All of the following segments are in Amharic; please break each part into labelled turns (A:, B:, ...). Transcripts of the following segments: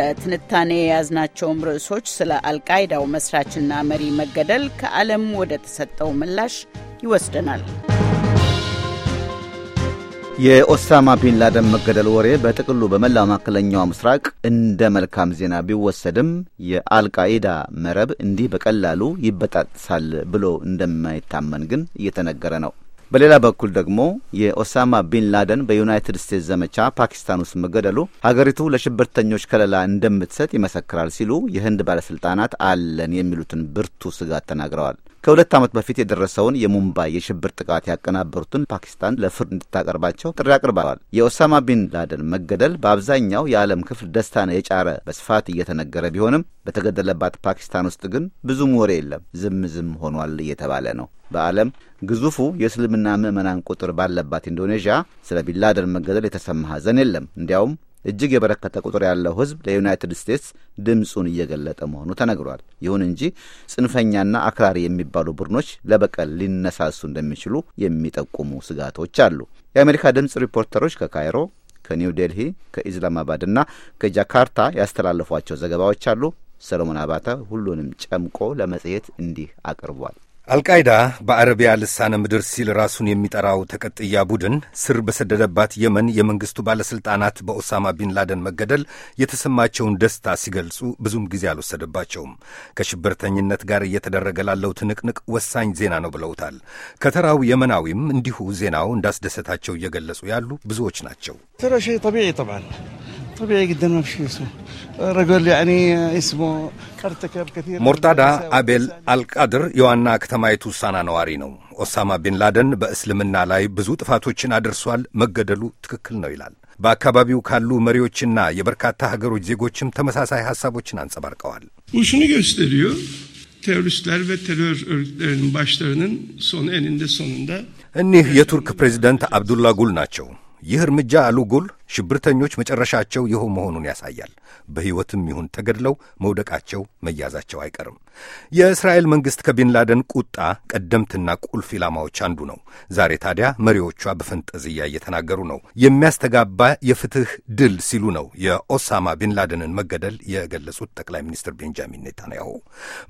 A: ለትንታኔ የያዝናቸውም ርዕሶች ስለ አልቃይዳው መስራችና መሪ መገደል ከዓለም ወደ ተሰጠው ምላሽ ይወስደናል። የኦሳማ ቢንላደን መገደል ወሬ በጥቅሉ በመላው መካከለኛው ምስራቅ እንደ መልካም ዜና ቢወሰድም የአልቃኢዳ መረብ እንዲህ በቀላሉ ይበጣጥሳል ብሎ እንደማይታመን ግን እየተነገረ ነው። በሌላ በኩል ደግሞ የኦሳማ ቢን ላደን በዩናይትድ ስቴትስ ዘመቻ ፓኪስታን ውስጥ መገደሉ ሀገሪቱ ለሽብርተኞች ከለላ እንደምትሰጥ ይመሰክራል ሲሉ የህንድ ባለስልጣናት አለን የሚሉትን ብርቱ ስጋት ተናግረዋል። ከሁለት ዓመት በፊት የደረሰውን የሙምባይ የሽብር ጥቃት ያቀናበሩትን ፓኪስታን ለፍርድ እንድታቀርባቸው ጥሪ አቅርበዋል። የኦሳማ ቢን ላደን መገደል በአብዛኛው የዓለም ክፍል ደስታን የጫረ በስፋት እየተነገረ ቢሆንም በተገደለባት ፓኪስታን ውስጥ ግን ብዙም ወሬ የለም። ዝም ዝም ሆኗል እየተባለ ነው። በዓለም ግዙፉ የእስልምና ምዕመናን ቁጥር ባለባት ኢንዶኔዥያ ስለ ቢንላደን መገደል የተሰማ ሐዘን የለም። እንዲያውም እጅግ የበረከተ ቁጥር ያለው ሕዝብ ለዩናይትድ ስቴትስ ድምፁን እየገለጠ መሆኑ ተነግሯል። ይሁን እንጂ ጽንፈኛና አክራሪ የሚባሉ ቡድኖች ለበቀል ሊነሳሱ እንደሚችሉ የሚጠቁሙ ስጋቶች አሉ። የአሜሪካ ድምፅ ሪፖርተሮች ከካይሮ ከኒው ዴልሂ ከኢስላማባድና ከጃካርታ ያስተላለፏቸው ዘገባዎች አሉ። ሰሎሞን አባታ ሁሉንም ጨምቆ ለመጽሔት እንዲህ አቅርቧል።
B: አልቃይዳ በአረቢያ ልሳነ ምድር ሲል ራሱን የሚጠራው ተቀጥያ ቡድን ስር በሰደደባት የመን የመንግስቱ ባለሥልጣናት በኦሳማ ቢንላደን መገደል የተሰማቸውን ደስታ ሲገልጹ ብዙም ጊዜ አልወሰደባቸውም። ከሽብርተኝነት ጋር እየተደረገ ላለው ትንቅንቅ ወሳኝ ዜና ነው ብለውታል። ከተራው የመናዊም እንዲሁ ዜናው እንዳስደሰታቸው እየገለጹ ያሉ ብዙዎች ናቸው። ሞርታዳ አቤል አልቃድር የዋና ከተማይቱ ሳና ነዋሪ ነው። ኦሳማ ቢንላደን በእስልምና ላይ ብዙ ጥፋቶችን አድርሷል፣ መገደሉ ትክክል ነው ይላል። በአካባቢው ካሉ መሪዎችና የበርካታ ሀገሮች ዜጎችም ተመሳሳይ ሀሳቦችን አንጸባርቀዋል። እኒህ የቱርክ ፕሬዚደንት አብዱላ ጉል ናቸው። ይህ እርምጃ አሉ ጉል ሽብርተኞች መጨረሻቸው ይኸው መሆኑን ያሳያል። በሕይወትም ይሁን ተገድለው መውደቃቸው መያዛቸው አይቀርም። የእስራኤል መንግሥት ከቢንላደን ቁጣ ቀደምትና ቁልፍ ኢላማዎች አንዱ ነው። ዛሬ ታዲያ መሪዎቿ በፈንጠዝያ እየተናገሩ ነው። የሚያስተጋባ የፍትህ ድል ሲሉ ነው የኦሳማ ቢንላደንን መገደል የገለጹት ጠቅላይ ሚኒስትር ቤንጃሚን ኔታንያሁ።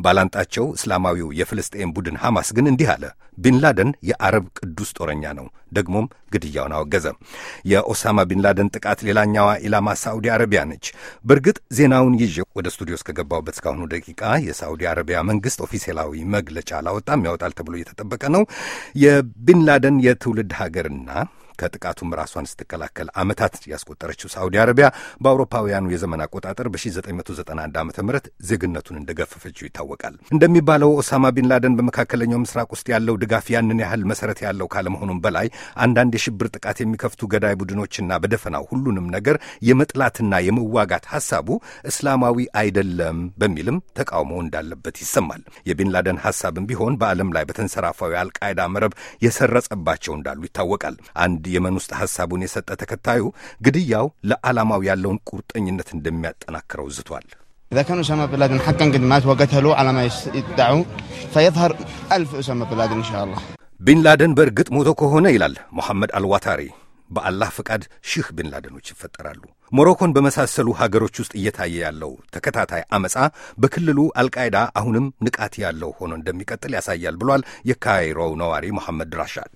B: ባላንጣቸው እስላማዊው የፍልስጤን ቡድን ሐማስ ግን እንዲህ አለ። ቢንላደን የአረብ ቅዱስ ጦረኛ ነው ደግሞም ግድያውን አወገዘ። የኦሳማ ቢንላደን ጥቃት ሌላኛዋ ኢላማ ሳዑዲ አረቢያ ነች። በእርግጥ ዜናውን ይዤ ወደ ስቱዲዮ እስከገባሁበት እስካሁኑ ደቂቃ የሳዑዲ አረቢያ መንግስት ኦፊሴላዊ መግለጫ አላወጣም። ያወጣል ተብሎ እየተጠበቀ ነው። የቢንላደን የትውልድ ሀገርና ከጥቃቱም ራሷን ስትከላከል ዓመታት ያስቆጠረችው ሳዑዲ አረቢያ በአውሮፓውያኑ የዘመን አቆጣጠር በ1991 ዓ ም ዜግነቱን እንደገፈፈችው ይታወቃል። እንደሚባለው ኦሳማ ቢንላደን በመካከለኛው ምስራቅ ውስጥ ያለው ድጋፍ ያንን ያህል መሰረት ያለው ካለመሆኑም በላይ አንዳንድ የሽብር ጥቃት የሚከፍቱ ገዳይ ቡድኖችና በደፈናው ሁሉንም ነገር የመጥላትና የመዋጋት ሐሳቡ እስላማዊ አይደለም በሚልም ተቃውሞ እንዳለበት ይሰማል። የቢንላደን ሐሳብም ቢሆን በዓለም ላይ በተንሰራፋዊ አልቃይዳ መረብ የሰረጸባቸው እንዳሉ ይታወቃል። አንድ የመን ውስጥ ሐሳቡን የሰጠ ተከታዩ ግድያው ለዓላማው ያለውን ቁርጠኝነት እንደሚያጠናክረው ዝቷል።
A: إذا كان أسامة بن لادن حقا قد مات وقتلوا على ما يدعوا فيظهر ألف أسامة بن لادن إن شاء الله
B: بن لادن በእርግጥ ሞቶ ከሆነ ይላል ሞሐመድ አልዋታሪ በአላህ ፈቃድ ሺህ ላደኖች ይፈጠራሉ። ሞሮኮን በመሳሰሉ ሀገሮች ውስጥ እየታየ ያለው ተከታታይ አመፃ በክልሉ አልቃይዳ አሁንም ንቃት ያለው ሆኖ እንደሚቀጥል ያሳያል ብሏል የካይሮው ነዋሪ መሐመድ ራሻድ።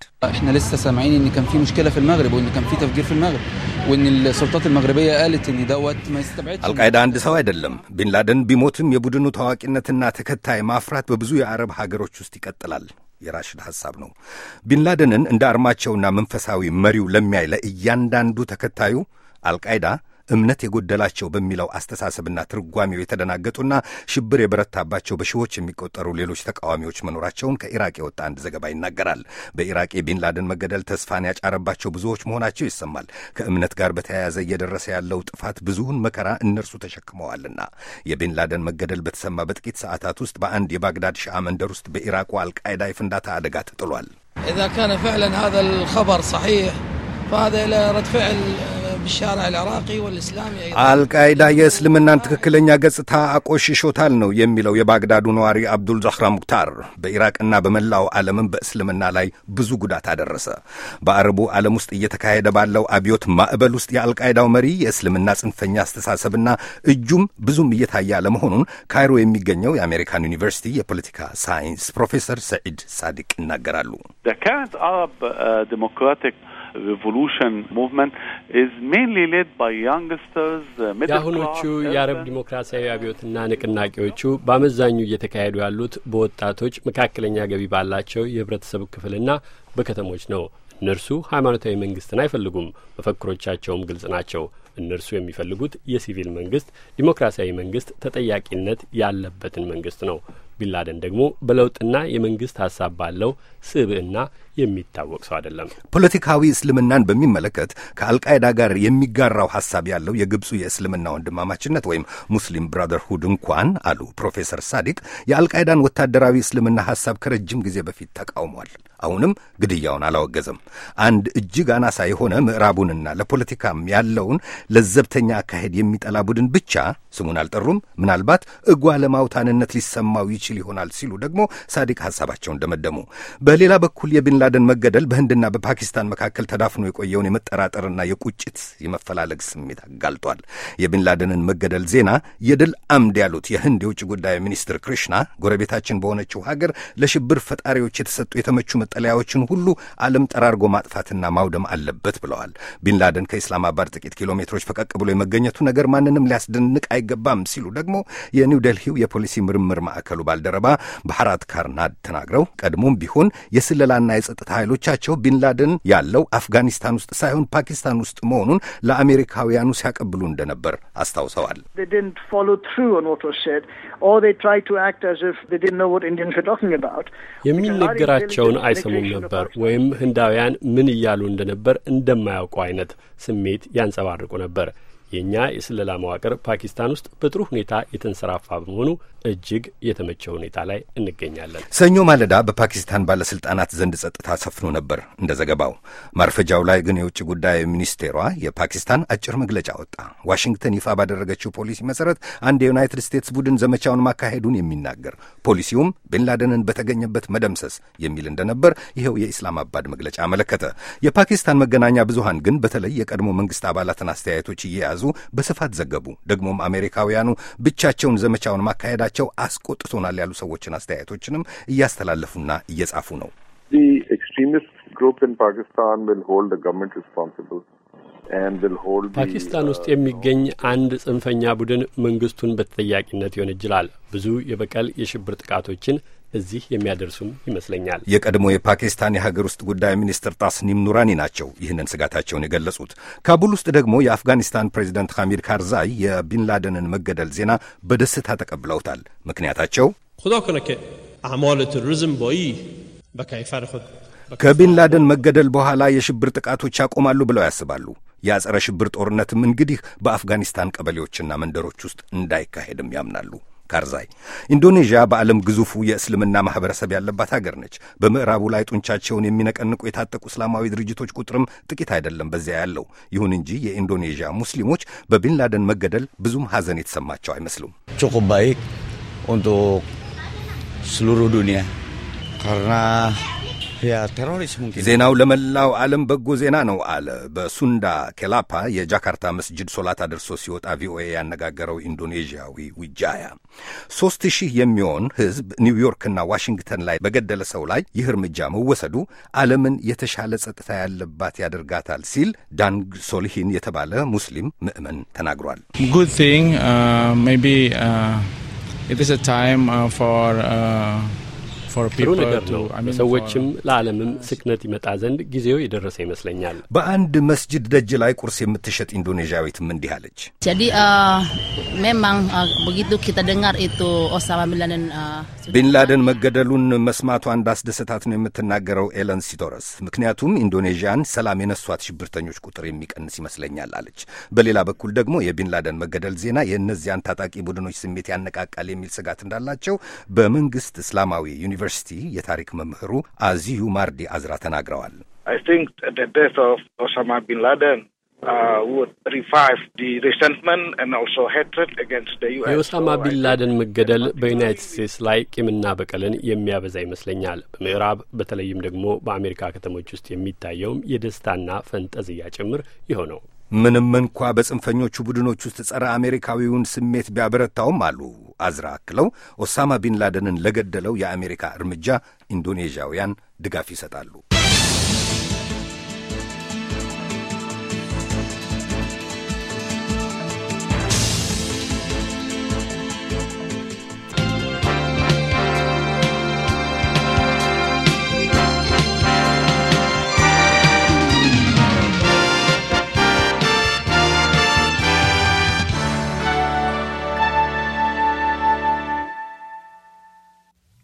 B: አልቃይዳ አንድ ሰው አይደለም። ቢንላደን ቢሞትም የቡድኑ ታዋቂነትና ተከታይ ማፍራት በብዙ የአረብ ሀገሮች ውስጥ ይቀጥላል። የራሽድ ሐሳብ ነው። ቢንላደንን እንደ አርማቸውና መንፈሳዊ መሪው ለሚያይ ለእያንዳንዱ ተከታዩ አልቃይዳ እምነት የጎደላቸው በሚለው አስተሳሰብና ትርጓሜው የተደናገጡና ሽብር የበረታባቸው በሺዎች የሚቆጠሩ ሌሎች ተቃዋሚዎች መኖራቸውን ከኢራቅ የወጣ አንድ ዘገባ ይናገራል። በኢራቅ የቢንላደን መገደል ተስፋን ያጫረባቸው ብዙዎች መሆናቸው ይሰማል። ከእምነት ጋር በተያያዘ እየደረሰ ያለው ጥፋት ብዙውን መከራ እነርሱ ተሸክመዋልና። የቢንላደን መገደል በተሰማ በጥቂት ሰዓታት ውስጥ በአንድ የባግዳድ ሺዓ መንደር ውስጥ በኢራቁ አልቃይዳ የፍንዳታ አደጋ ተጥሏል። አልቃይዳ የእስልምናን ትክክለኛ ገጽታ አቆሽሾታል ነው የሚለው የባግዳዱ ነዋሪ አብዱል ዛህራ ሙክታር። በኢራቅና በመላው ዓለምም በእስልምና ላይ ብዙ ጉዳት አደረሰ። በአረቡ ዓለም ውስጥ እየተካሄደ ባለው አብዮት ማዕበል ውስጥ የአልቃይዳው መሪ የእስልምና ጽንፈኛ አስተሳሰብና እጁም ብዙም እየታየ አለመሆኑን ካይሮ የሚገኘው የአሜሪካን ዩኒቨርሲቲ የፖለቲካ ሳይንስ ፕሮፌሰር ሰዒድ ሳዲቅ ይናገራሉ።
C: ሪቮሉሽን ሙቭመንት ኢዝ ሜንሊ ሌድ ባይ ያንግስተርስ የአሁኖቹ የአረብ ዲሞክራሲያዊ አብዮትና ንቅናቄዎቹ በአመዛኙ እየተካሄዱ ያሉት በወጣቶች መካከለኛ ገቢ ባላቸው የህብረተሰብ ክፍልና በከተሞች ነው። እነርሱ ሃይማኖታዊ መንግስትን አይፈልጉም። መፈክሮቻቸውም ግልጽ ናቸው። እነርሱ የሚፈልጉት የሲቪል መንግስት፣ ዲሞክራሲያዊ መንግስት፣ ተጠያቂነት ያለበትን መንግስት ነው። ቢንላደን ደግሞ በለውጥና የመንግስት ሀሳብ ባለው ስብዕና የሚታወቅ ሰው አይደለም።
B: ፖለቲካዊ እስልምናን በሚመለከት ከአልቃይዳ ጋር የሚጋራው ሀሳብ ያለው የግብፁ የእስልምና ወንድማማችነት ወይም ሙስሊም ብራደርሁድ እንኳን አሉ ፕሮፌሰር ሳዲቅ የአልቃይዳን ወታደራዊ እስልምና ሀሳብ ከረጅም ጊዜ በፊት ተቃውሟል። አሁንም ግድያውን አላወገዘም። አንድ እጅግ አናሳ የሆነ ምዕራቡንና ለፖለቲካም ያለውን ለዘብተኛ አካሄድ የሚጠላ ቡድን ብቻ ስሙን አልጠሩም። ምናልባት እጓ ለማውታንነት ሊሰማው ይችል ይሆናል ሲሉ ደግሞ ሳዲቅ ሀሳባቸውን ደመደሙ። በሌላ በኩል የቢንላደን መገደል በህንድና በፓኪስታን መካከል ተዳፍኖ የቆየውን የመጠራጠርና የቁጭት የመፈላለግ ስሜት አጋልጧል። የቢንላደንን መገደል ዜና የድል አምድ ያሉት የህንድ የውጭ ጉዳይ ሚኒስትር ክሪሽና ጎረቤታችን በሆነችው ሀገር ለሽብር ፈጣሪዎች የተሰጡ የተመቹ መጠለያዎችን ሁሉ ዓለም ጠራርጎ ማጥፋትና ማውደም አለበት ብለዋል። ቢንላደን ከኢስላማባድ ጥቂት ኪሎ ሚኒስትሮች ፈቀቅ ብሎ የመገኘቱ ነገር ማንንም ሊያስደንቅ አይገባም ሲሉ ደግሞ የኒው ደልሂው የፖሊሲ ምርምር ማዕከሉ ባልደረባ ባህራት ካርናድ ተናግረው ቀድሞም ቢሆን የስለላና የጸጥታ ኃይሎቻቸው ቢንላደን ያለው አፍጋኒስታን ውስጥ ሳይሆን ፓኪስታን ውስጥ መሆኑን ለአሜሪካውያኑ ሲያቀብሉ እንደነበር አስታውሰዋል። የሚነገራቸውን አይሰሙም
C: ነበር ወይም ህንዳውያን ምን እያሉ እንደነበር እንደማያውቁ አይነት ስሜት ያንጸባርቁ ነበር። ነበር የእኛ የስለላ መዋቅር ፓኪስታን ውስጥ በጥሩ ሁኔታ የተንሰራፋ በመሆኑ እጅግ የተመቸ ሁኔታ ላይ እንገኛለን።
B: ሰኞ ማለዳ በፓኪስታን ባለስልጣናት ዘንድ ጸጥታ ሰፍኖ ነበር። እንደ ዘገባው ማርፈጃው ላይ ግን የውጭ ጉዳይ ሚኒስቴሯ የፓኪስታን አጭር መግለጫ ወጣ። ዋሽንግተን ይፋ ባደረገችው ፖሊሲ መሰረት አንድ የዩናይትድ ስቴትስ ቡድን ዘመቻውን ማካሄዱን የሚናገር ፖሊሲውም ቢንላደንን በተገኘበት መደምሰስ የሚል እንደነበር ይኸው አባድ መግለጫ አመለከተ። የፓኪስታን መገናኛ ብዙሃን ግን በተለይ የቀድሞ መንግስት አባላትን አስተያየቶች እየያዙ እንደያዙ በስፋት ዘገቡ። ደግሞም አሜሪካውያኑ ብቻቸውን ዘመቻውን ማካሄዳቸው አስቆጥቶናል ያሉ ሰዎችን አስተያየቶችንም እያስተላለፉና እየጻፉ ነው።
C: ፓኪስታን ውስጥ የሚገኝ አንድ ጽንፈኛ ቡድን መንግስቱን በተጠያቂነት ይወነጅላል። ብዙ የበቀል የሽብር ጥቃቶችን እዚህ የሚያደርሱም ይመስለኛል። የቀድሞ
B: የፓኪስታን የሀገር ውስጥ ጉዳይ ሚኒስትር ጣስኒም ኑራኒ ናቸው ይህንን ስጋታቸውን የገለጹት። ካቡል ውስጥ ደግሞ የአፍጋኒስታን ፕሬዚደንት ሐሚድ ካርዛይ የቢንላደንን መገደል ዜና በደስታ ተቀብለውታል። ምክንያታቸው ከቢንላደን መገደል በኋላ የሽብር ጥቃቶች ያቆማሉ ብለው ያስባሉ። የአጸረ ሽብር ጦርነትም እንግዲህ በአፍጋኒስታን ቀበሌዎችና መንደሮች ውስጥ እንዳይካሄድም ያምናሉ። ካርዛይ ኢንዶኔዥያ በዓለም ግዙፉ የእስልምና ማኅበረሰብ ያለባት አገር ነች። በምዕራቡ ላይ ጡንቻቸውን የሚነቀንቁ የታጠቁ እስላማዊ ድርጅቶች ቁጥርም ጥቂት አይደለም በዚያ ያለው። ይሁን እንጂ የኢንዶኔዥያ ሙስሊሞች በቢንላደን መገደል ብዙም ሐዘን የተሰማቸው አይመስሉም። ቹኩብ ኦንቶ ስሉሩ ዱኒያ ካርና ያ ሙምኪን ዜናው ለመላው ዓለም በጎ ዜና ነው አለ። በሱንዳ ኬላፓ የጃካርታ መስጅድ ሶላት አድርሶ ሲወጣ ቪኦኤ ያነጋገረው ኢንዶኔዥያዊ ዊጃያ ሶስት ሺህ የሚሆን ህዝብ ኒውዮርክና ዋሽንግተን ላይ በገደለ ሰው ላይ ይህ እርምጃ መወሰዱ ዓለምን የተሻለ ጸጥታ ያለባት ያደርጋታል ሲል ዳንግ ሶልሂን የተባለ ሙስሊም ምዕመን ተናግሯል።
C: ጉድ ቲንግ ሜይ ቢ ኢት ኢዝ አ
B: ታይም ፎር ጥሩ ነገር ነው። ለሰዎችም ለዓለምም ስክነት ይመጣ ዘንድ ጊዜው የደረሰ ይመስለኛል። በአንድ መስጅድ ደጅ ላይ ቁርስ የምትሸጥ ኢንዶኔዥያዊትም እንዲህ አለች። ቢንላደን uh, uh, uh, መገደሉን መስማቷ እንዳስደሰታት ነው የምትናገረው ኤለን ሲቶረስ። ምክንያቱም ኢንዶኔዥያን ሰላም የነሷት ሽብርተኞች ቁጥር የሚቀንስ ይመስለኛል አለች። በሌላ በኩል ደግሞ የቢንላደን መገደል ዜና የእነዚያን ታጣቂ ቡድኖች ስሜት ያነቃቃል የሚል ስጋት እንዳላቸው በመንግስት እስላማዊ ዩኒቨርሲቲ ዩኒቨርሲቲ የታሪክ መምህሩ አዚዩ ማርዲ አዝራ ተናግረዋል። uh, የኦሳማ
C: ቢንላደን መገደል በዩናይትድ ስቴትስ ላይ ቂምና በቀልን የሚያበዛ ይመስለኛል። በምዕራብ በተለይም ደግሞ በአሜሪካ ከተሞች ውስጥ የሚታየውም የደስታና ፈንጠዝያ ጭምር የሆነው
B: ምንም እንኳ በጽንፈኞቹ ቡድኖች ውስጥ ጸረ አሜሪካዊውን ስሜት ቢያበረታውም አሉ አዝራ አክለው፣ ኦሳማ ቢንላደንን ለገደለው የአሜሪካ እርምጃ ኢንዶኔዥያውያን ድጋፍ ይሰጣሉ።